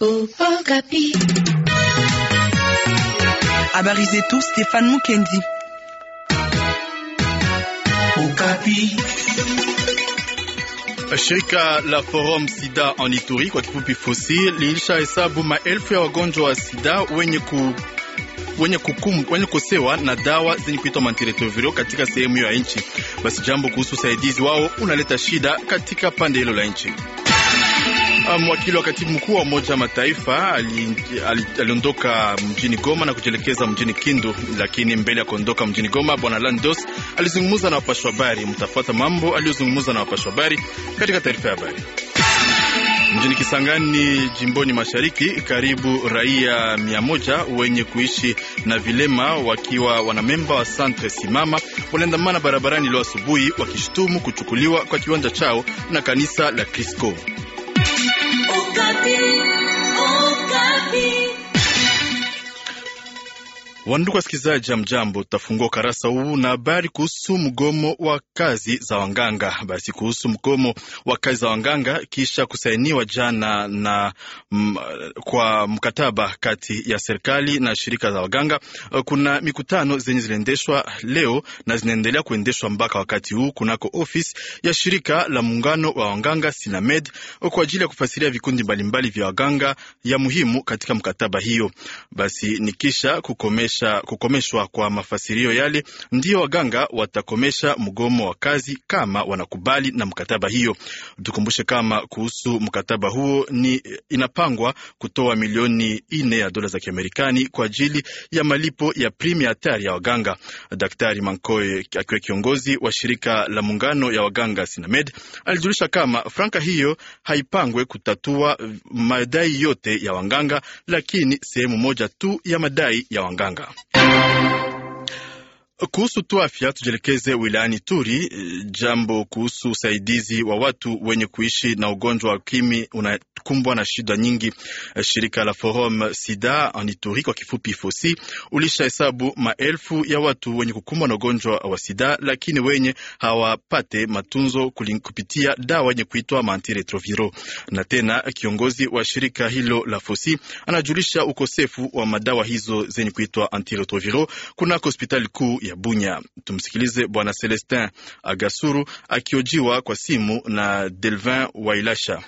Oh, Habari zetu Stéphane Mukendi. Okapi. Oh, Shirika la Forum Sida en Ituri kwa kifupi FOSI lilishahesabu maelfu ya wagonjwa wa sida wenye ku wenye, kukum, wenye kosewa na dawa zenye kuitwa mantiretroviral katika sehemu hiyo ya nchi. Basi jambo kuhusu usaidizi wao unaleta shida katika pande hilo la nchi. Mwakili wa katibu mkuu wa Umoja wa Mataifa aliondoka ali, ali mjini Goma na kujielekeza mjini Kindu, lakini mbele ya kuondoka mjini Goma, bwana Landos alizungumza na wapashi habari. Mtafuata mambo aliyozungumza na wapashi habari katika taarifa ya habari. Mjini Kisangani, jimboni mashariki, karibu raia mia moja wenye kuishi na vilema wakiwa wanamemba wa Santre Simama waliandamana barabarani leo asubuhi wakishutumu kuchukuliwa kwa kiwanja chao na kanisa la Krisco. Oh ti, Wandugu wasikilizaji, mjambo. Tutafungua ukarasa huu na habari kuhusu mgomo wa kazi za wanganga. Basi kuhusu mgomo wa kazi za wanganga kisha kusainiwa jana na m, mm, kwa mkataba kati ya serikali na shirika za waganga, eh, kuna mikutano zenye ziliendeshwa leo na zinaendelea kuendeshwa mpaka wakati huu kunako ofisi ya shirika la muungano wa wanganga Sinamed eh, kwa ajili ya kufasiria vikundi mbalimbali vya waganga ya muhimu katika mkataba hiyo. Basi ni kisha kukomesha kukomesha, kukomeshwa kwa mafasirio yale, ndio waganga watakomesha mgomo wa kazi kama wanakubali na mkataba hiyo. Tukumbushe kama kuhusu mkataba huo ni inapangwa kutoa milioni ine ya dola za Kiamerikani kwa ajili ya malipo ya primi hatari ya waganga. Daktari Mankoe akiwa kiongozi wa shirika la muungano ya waganga Sinamed alijulisha kama franka hiyo haipangwe kutatua madai yote ya waganga, lakini sehemu moja tu ya madai ya waganga. now. Kuhusu tu afya tujielekeze wilayani Turi. Jambo kuhusu usaidizi wa watu wenye kuishi na ugonjwa wa ukimwi unakumbwa na shida nyingi. Shirika la Forum Sida Anituri kwa kifupi Fosi hesabu maelfu ya watu wenye kukumbwa na ugonjwa wa sida, lakini wenye hawapate matunzo kupitia dawa yenye kuitwa mantiretroviro. Na tena kiongozi wa shirika hilo la Fosi anajulisha ukosefu wa madawa hizo zenye kuitwa antiretroviro kunako hospitali kuu ya Bunya. Tumsikilize Bwana Celestin Agasuru akiojiwa kwa simu na Delvin Wailasha.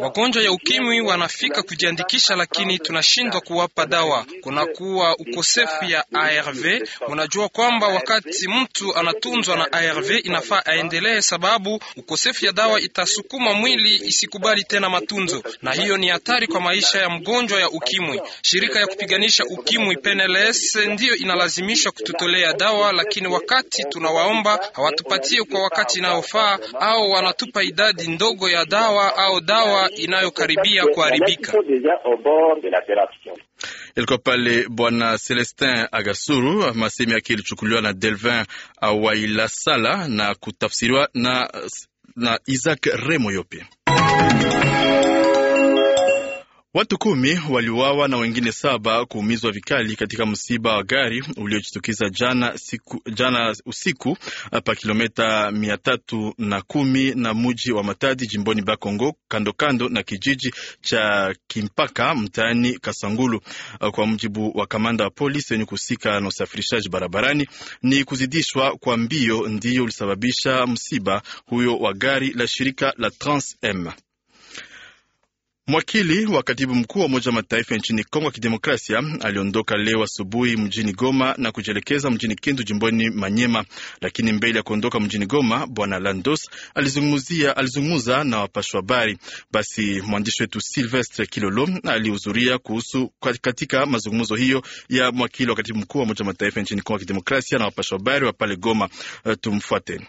Wagonjwa ya ukimwi wanafika kujiandikisha, lakini tunashindwa kuwapa dawa. Kunakuwa ukosefu ya ARV. Munajua kwamba wakati mtu anatunzwa na ARV inafaa aendelee, sababu ukosefu ya dawa itasukuma mwili isikubali tena matunzo, na hiyo ni hatari kwa maisha ya mgonjwa ya ukimwi. Shirika ya kupiganisha ukimwi PNLS ndiyo inalazimishwa kututolea dawa, lakini wakati tunawaomba hawatupatie kwa wakati inayofaa, au wanatupa idadi ndogo ya ya dawa au dawa inayokaribia kuharibika. Ilikuwa pale Bwana Celestin Agasuru. Masemi yake ilichukuliwa na Delvin Awailasala na kutafsiriwa na, na Isaac Remoyope. Watu kumi waliuawa na wengine saba kuumizwa vikali katika msiba wa gari uliojitukiza jana, jana usiku eh, pa kilometa mia tatu na kumi na muji wa Matadi jimboni Bakongo kando kando na kijiji cha Kimpaka mtaani Kasangulu. Eh, kwa mujibu wa kamanda wa polisi wenye kuhusika na usafirishaji barabarani, ni kuzidishwa kwa mbio ndiyo ulisababisha msiba huyo wa gari la shirika la Trans M. Mwakili wa katibu mkuu wa Umoja wa Mataifa nchini Kongo ya Kidemokrasia aliondoka leo asubuhi mjini Goma na kujielekeza mjini Kindu jimboni Manyema. Lakini mbele ya kuondoka mjini Goma, bwana Landos alizungumza na wapashwa habari. Basi mwandishi wetu Silvestre Kilolo alihudhuria kuhusu katika mazungumzo hiyo ya mwakili wa katibu mkuu wa Umoja wa Mataifa nchini Kongo ya Kidemokrasia na wapashwa habari wa pale Goma. Eh, tumfuate.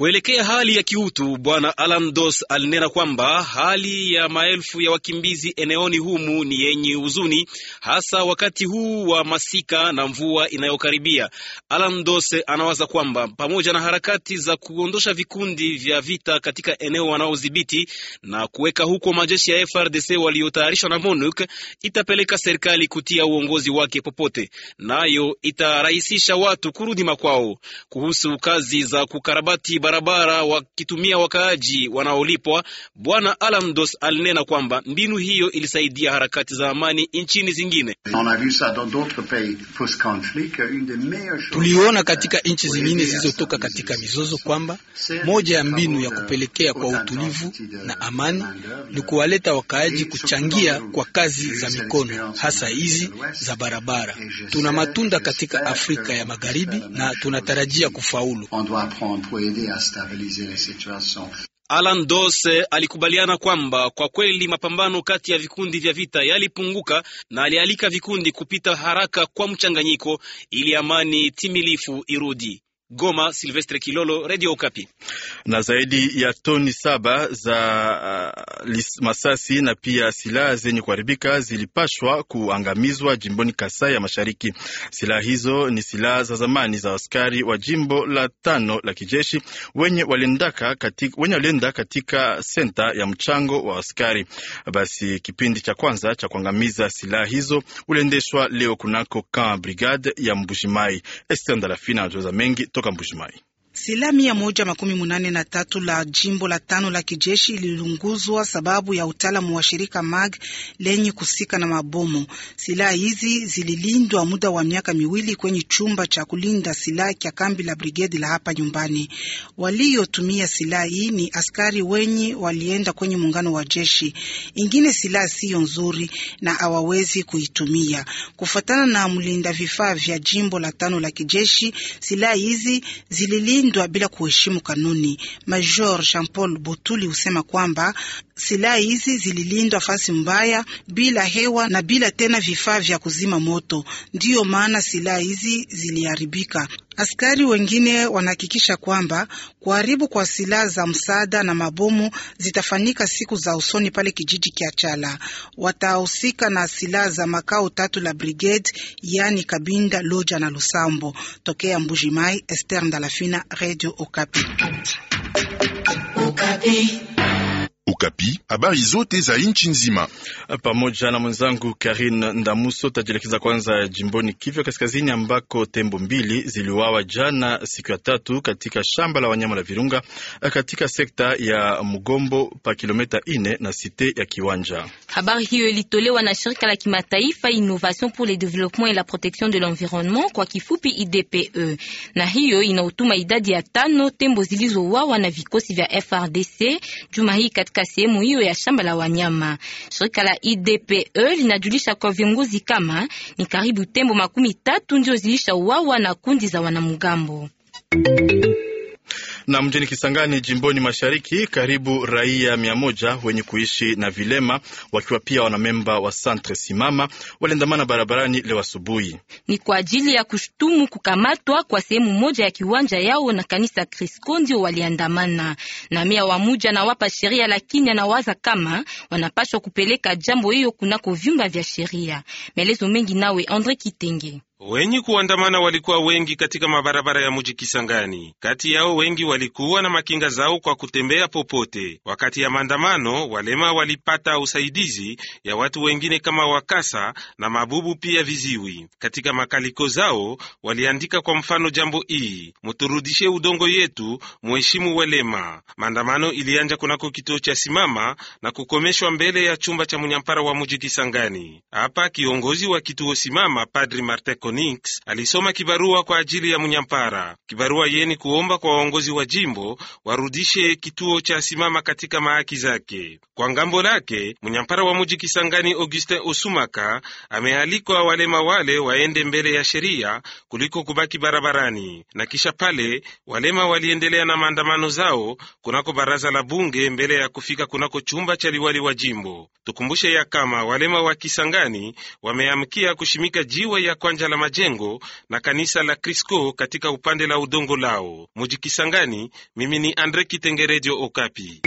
Kuelekea hali ya kiutu, Bwana Alan Dos alinena kwamba hali ya maelfu ya wakimbizi eneoni humu ni yenye huzuni, hasa wakati huu wa masika na mvua inayokaribia. Alan Dos anawaza kwamba pamoja na harakati za kuondosha vikundi vya vita katika eneo wanaodhibiti na kuweka huko majeshi ya FRDC waliotayarishwa na MONUC, itapeleka serikali kutia uongozi wake popote, nayo itarahisisha watu kurudi makwao. Kuhusu kazi za kukarabati barabara wakitumia wakaaji wanaolipwa. Bwana Alamdos alinena kwamba mbinu hiyo ilisaidia harakati za amani nchini zingine. Tuliona katika nchi zingine zilizotoka katika mizozo kwamba moja ya mbinu ya kupelekea kwa utulivu na amani ni kuwaleta wakaaji kuchangia kwa kazi za mikono, hasa hizi za barabara. Tuna matunda katika Afrika ya Magharibi na tunatarajia kufaulu stabiliser Alan Dose alikubaliana kwamba kwa kweli mapambano kati ya vikundi vya vita yalipunguka na alialika vikundi kupita haraka kwa mchanganyiko ili amani timilifu irudi. Goma, Silvestre Kilolo, Radio Okapi. Na zaidi ya toni saba za uh, masasi na pia silaha zenye kuharibika zilipashwa kuangamizwa jimboni Kasai ya Mashariki. Silaha hizo ni silaha za zamani za askari wa jimbo la tano la kijeshi wenye walienda katika, walienda katika senta ya mchango wa askari. Basi kipindi cha kwanza cha kuangamiza silaha hizo uliendeshwa leo kunako kama brigade ya Mbushimai. Estendalafina anatueleza mengi トカムシマイ。Silaha mia moja makumi munane na tatu la jimbo la tano la kijeshi lilunguzwa sababu ya utaalamu wa shirika MAG lenye kusika na mabomu. Silaha hizi zililindwa muda wa miaka miwili kwenye chumba cha kulinda silaha cha kambi la brigedi la hapa nyumbani. Waliotumia silaha hii ni askari wenye walienda kwenye muungano wa jeshi. Ingine silaha siyo nzuri na hawawezi kuitumia. Kufuatana na mlinda vifaa vya jimbo la tano la kijeshi, silaha hizi zililindwa kulindwa bila kuheshimu kanuni. Major Jean Paul Botuli husema kwamba Silaha hizi zililindwa fasi mbaya, bila hewa na bila tena vifaa vya kuzima moto, ndiyo maana silaha hizi ziliharibika. Askari wengine wanahakikisha kwamba kuharibu kwa silaha za msaada na mabomu zitafanyika siku za usoni pale kijiji kya Chala. Watahusika na silaha za makao tatu la brigade, yaani Kabinda, Loja na Lusambo. Tokea Mbujimai, Esther Ndalafina, Radio Okapi. Okapi. Ukapi, habari zote za nchi nzima pamoja na mwenzangu Karin Ndamuso. Tajielekeza kwanza jimboni Kivyo Kaskazini ambako tembo mbili ziliuawa jana siku ya tatu katika shamba la wanyama la Virunga katika sekta ya Mugombo pa kilomita ine na site ya Kiwanja. Habari hiyo ilitolewa na shirika la kimataifa Innovation pour le Développement et la Protection de l'Environnement kwa kifupi IDPE, na hiyo inautuma idadi ya tano tembo zilizouawa na vikosi vya FRDC juma hii katika katika sehemu hiyo ya shamba la wanyama. Shirika la IDPE linajulisha kwa viongozi kama ni karibu tembo makumi tatu ndio zilisha uawa na kundi za wanamgambo. Na mjini Kisangani jimboni mashariki, karibu raia mia moja wenye kuishi na vilema wakiwa pia wanamemba wa Santre Simama waliandamana barabarani leo asubuhi. Ni kwa ajili ya kushutumu kukamatwa kwa sehemu moja ya kiwanja yao na kanisa Kristo, ndio waliandamana. Na mia wa muja na wapa sheria, lakini anawaza kama wanapaswa kupeleka jambo hiyo kunako vyumba vya sheria. Maelezo mengi nawe Andre Kitenge. Wenye kuandamana walikuwa wengi katika mabarabara ya muji Kisangani. Kati yao wengi walikuwa na makinga zao kwa kutembea popote. Wakati ya maandamano, walema walipata usaidizi ya watu wengine kama wakasa na mabubu, pia viziwi. Katika makaliko zao waliandika kwa mfano jambo hii: muturudishe udongo yetu, muheshimu walema Maandamano ilianja kunako kituo cha Simama na kukomeshwa mbele ya chumba cha munyampara wa muji Kisangani. Hapa kiongozi wa kituo Simama Padri Martin nix alisoma kibarua kwa ajili ya Munyampara. Kibarua yeni kuomba kwa waongozi wa jimbo warudishe kituo cha Simama katika mahaki zake. Kwa ngambo lake, Munyampara wa muji Kisangani Augustin Osumaka amealikwa walema wale waende mbele ya sheria kuliko kubaki barabarani. Na kisha pale walema waliendelea na maandamano zao kunako baraza la bunge mbele ya kufika kunako chumba cha liwali wa jimbo. Tukumbushe ya kama walema wa Kisangani wameamkia kushimika jiwe ya kwanja la majengo na kanisa la Krisco katika upande la udongo lao. Mujikisangani, mimi ni Andre Kitenge, Redio Okapi.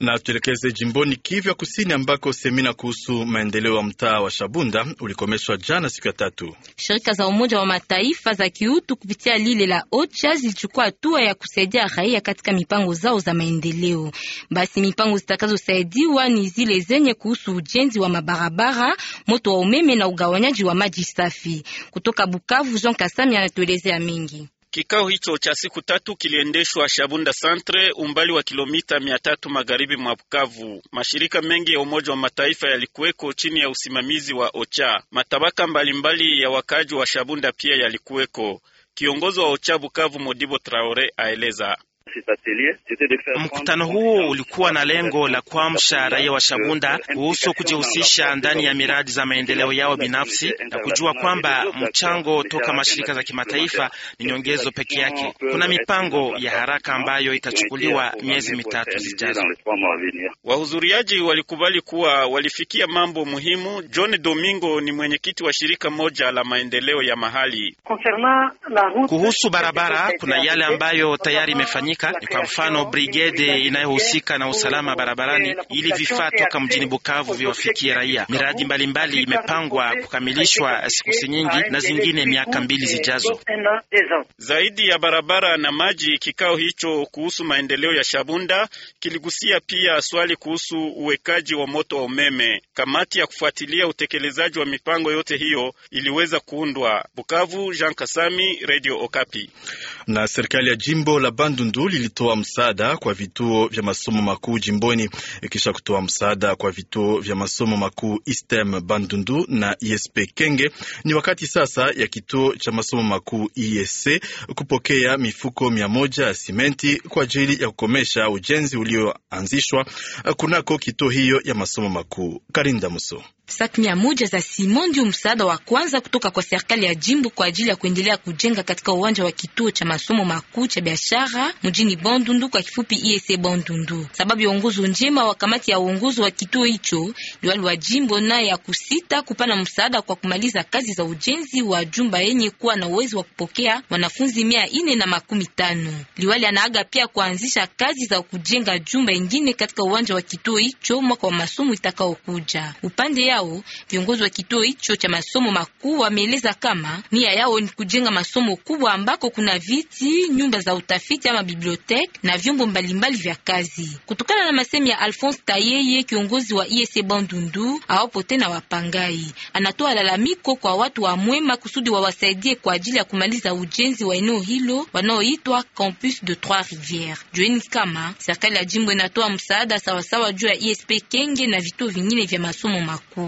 Na tuelekeze jimboni Kivya Kusini ambako semina kuhusu maendeleo ya mtaa wa Shabunda ulikomeshwa jana siku ya tatu. Shirika za Umoja wa Mataifa za kiutu kupitia lile la OCHA zilichukua hatua ya kusaidia raia katika mipango zao za maendeleo. Basi mipango zitakazosaidiwa ni zile zenye kuhusu ujenzi wa mabarabara, moto wa umeme na ugawanyaji wa maji safi. Kutoka Bukavu, Jean Kasami anatuelezea mengi. Kikao hicho cha siku tatu kiliendeshwa Shabunda Centre, umbali wa kilomita mia tatu magharibi mwa Bukavu. Mashirika mengi ya Umoja wa Mataifa yalikuweko chini ya usimamizi wa OCHA. Matabaka mbalimbali mbali ya wakaaji wa Shabunda pia yalikuweko. Kiongozi wa OCHA Bukavu, Modibo Traore, aeleza Mkutano huo ulikuwa na lengo la kuamsha raia wa Shabunda kuhusu kujihusisha ndani ya miradi za maendeleo yao binafsi na kujua kwamba mchango toka mashirika za kimataifa ni nyongezo peke yake. Kuna mipango ya haraka ambayo itachukuliwa miezi mitatu zijazo. Wahudhuriaji walikubali kuwa walifikia mambo muhimu. John Domingo ni mwenyekiti wa shirika moja la maendeleo ya mahali. Kuhusu barabara, kuna yale ambayo tayari imefanyika kufanyika, kwa mfano brigede inayohusika na usalama barabarani, ili vifaa toka mjini Bukavu viwafikie raia. Miradi mbalimbali imepangwa kukamilishwa siku nyingi na zingine miaka mbili zijazo. Zaidi ya barabara na maji, kikao hicho kuhusu maendeleo ya Shabunda kiligusia pia swali kuhusu uwekaji wa moto wa umeme. Kamati ya kufuatilia utekelezaji wa mipango yote hiyo iliweza kuundwa. Bukavu, Jean Kasami, Radio Okapi. Na serikali ya jimbo la Bandundu lilitoa msaada kwa vituo vya masomo makuu jimboni kisha kutoa msaada kwa vituo vya masomo makuu ISTEM Bandundu na ISP e Kenge. Ni wakati sasa ya kituo cha masomo makuu esc kupokea mifuko mia moja ya simenti kwa ajili ya kukomesha ujenzi ulioanzishwa kunako kituo hiyo ya masomo makuu Karinda Muso saki mia moja za simon ndio msaada wa kwanza kutoka kwa serikali ya jimbo kwa ajili ya kuendelea kujenga katika uwanja wa kituo cha masomo makuu cha biashara mjini bondundu kwa kifupi ESE bondundu Sababu ya uongozi njema wa kamati ya uongozi wa kituo hicho, liwali wa jimbo naye ya kusita kupana msaada kwa kumaliza kazi za ujenzi wa jumba yenye kuwa na uwezo wa kupokea wanafunzi mia ine na makumi tano. Liwali anaaga pia kuanzisha kazi za kujenga jumba ingine katika uwanja wa kituo hicho mwaka wa masomo itakaokuja. Upande ya yao. Viongozi wa kituo hicho cha masomo makuu wameeleza kama nia yao ni kujenga masomo kubwa ambako kuna viti, nyumba za utafiti ama bibliotek na vyombo mbalimbali vya kazi. Kutokana na masemi ya Alphonse Tayeye, kiongozi wa IEC Bandundu, awapo tena wapangai, anatoa lalamiko kwa watu wa Mwema kusudi wawasaidie kwa ajili ya kumaliza ujenzi wa eneo hilo wanaoitwa Campus de Trois Rivières. Jueni kama serikali ya jimbo inatoa msaada sawasawa juu ya ISP Kenge na vituo vingine vya masomo makuu.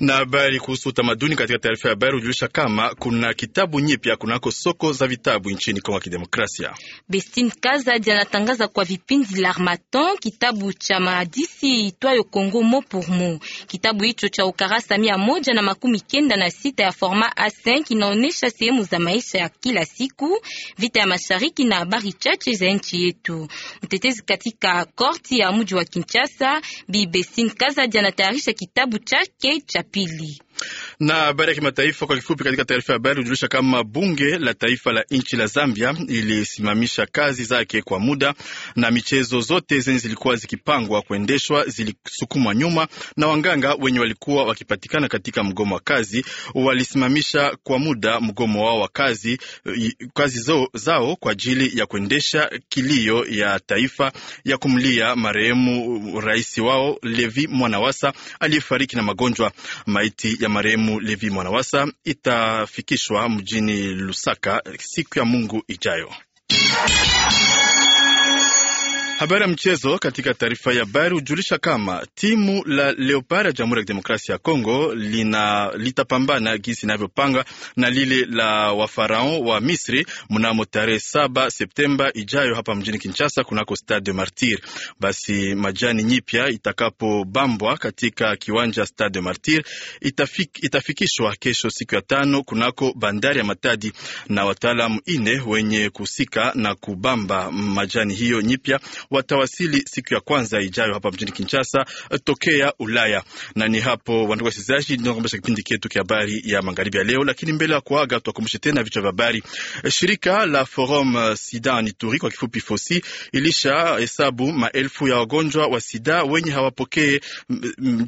Na habari kuhusu utamaduni katika taarifa ya habari hujulisha kama kuna kitabu nyipya kunako soko za vitabu nchini Kongo ya Kidemokrasia. Bestin Kazadi anatangaza kwa vipindi L'Armatan, kitabu cha maadisi itwayo Congo mo pour mo. Kitabu hicho cha ukarasa mia moja na makumi kenda na sita ya forma A5 kinaonesha sehemu za maisha ya kila siku, vita ya mashariki na habari chache za nchi yetu. Mtetezi katika korti ya mji wa Kinshasa, Bi Bestin Kazadi anatayarisha kitabu chake cha pili Na habari ya kimataifa kwa kifupi, katika taarifa ya habari hujulisha kama bunge la taifa la nchi la Zambia ilisimamisha kazi zake kwa muda, na michezo zote zenye zilikuwa zikipangwa kuendeshwa zilisukumwa nyuma, na wanganga wenye walikuwa wakipatikana katika mgomo wa kazi walisimamisha kwa muda mgomo wao wa kazi, kazi zao, zao kwa ajili ya kuendesha kilio ya taifa ya kumlia marehemu rais wao Levi Mwanawasa aliyefariki na magonjwa. Maiti ya marehemu Levi Mwanawasa itafikishwa mjini Lusaka siku ya Mungu ijayo. Habari ya mchezo. Katika taarifa ya habari hujulisha kama timu la Leopard ya Jamhuri ya Kidemokrasia ya Kongo lina litapambana gisi inavyopanga na lile la Wafarao wa Misri mnamo tarehe saba Septemba ijayo hapa mjini Kinshasa kunako Stade Martir. Basi majani nyipya itakapobambwa katika kiwanja Stade Martir itafik, itafikishwa kesho siku ya tano kunako bandari ya Matadi na wataalamu ine wenye kuhusika na kubamba majani hiyo nyipya watawasili siku ya kwanza ijayo hapa mjini Kinshasa eh, tokea Ulaya. Na ni hapo wandugu wasikilizaji, tunakomesha kipindi chetu cha habari ya magharibi ya leo, lakini mbele ya kuaga tuwakumbushe tena vichwa vya habari. Eh, shirika la Forum eh, Sida ni Turi kwa kifupi Fosi ilisha hesabu maelfu ya wagonjwa wa sida wenye hawapokee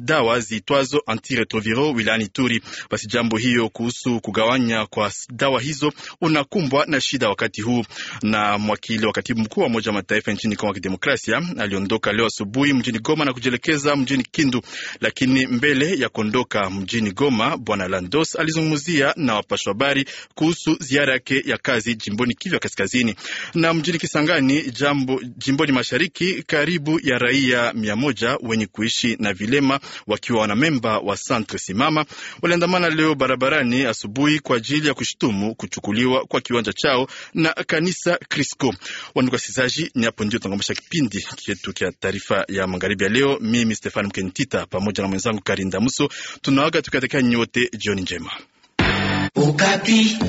dawa ziitwazo antiretroviro wilayani Turi. Basi jambo hiyo kuhusu kugawanya kwa dawa hizo unakumbwa na shida wakati huu. Na mwakili wa katibu mkuu wa Umoja wa Mataifa nchini Kongo Kidemokrasia aliondoka leo asubuhi mjini Goma na kujielekeza mjini Kindu, lakini mbele ya kuondoka mjini Goma, bwana Landos alizungumzia na wapashwa habari kuhusu ziara yake ya kazi jimboni Kivu ya Kaskazini na mjini Kisangani jambo, jimboni Mashariki, karibu ya raia mia moja wenye kuishi na vilema wakiwa wanamemba wa Santre Simama waliandamana leo barabarani asubuhi kwa ajili ya kushtumu kuchukuliwa kwa kiwanja chao na kanisa Crisco. Wanuka ni hapo ndio tangombesha kipindi chetu cha taarifa ya magharibi ya leo. Mimi Stefan Mkentita pamoja na mwenzangu Karinda Muso tunawaga tukiwatakia nyote jioni njema. Ukati.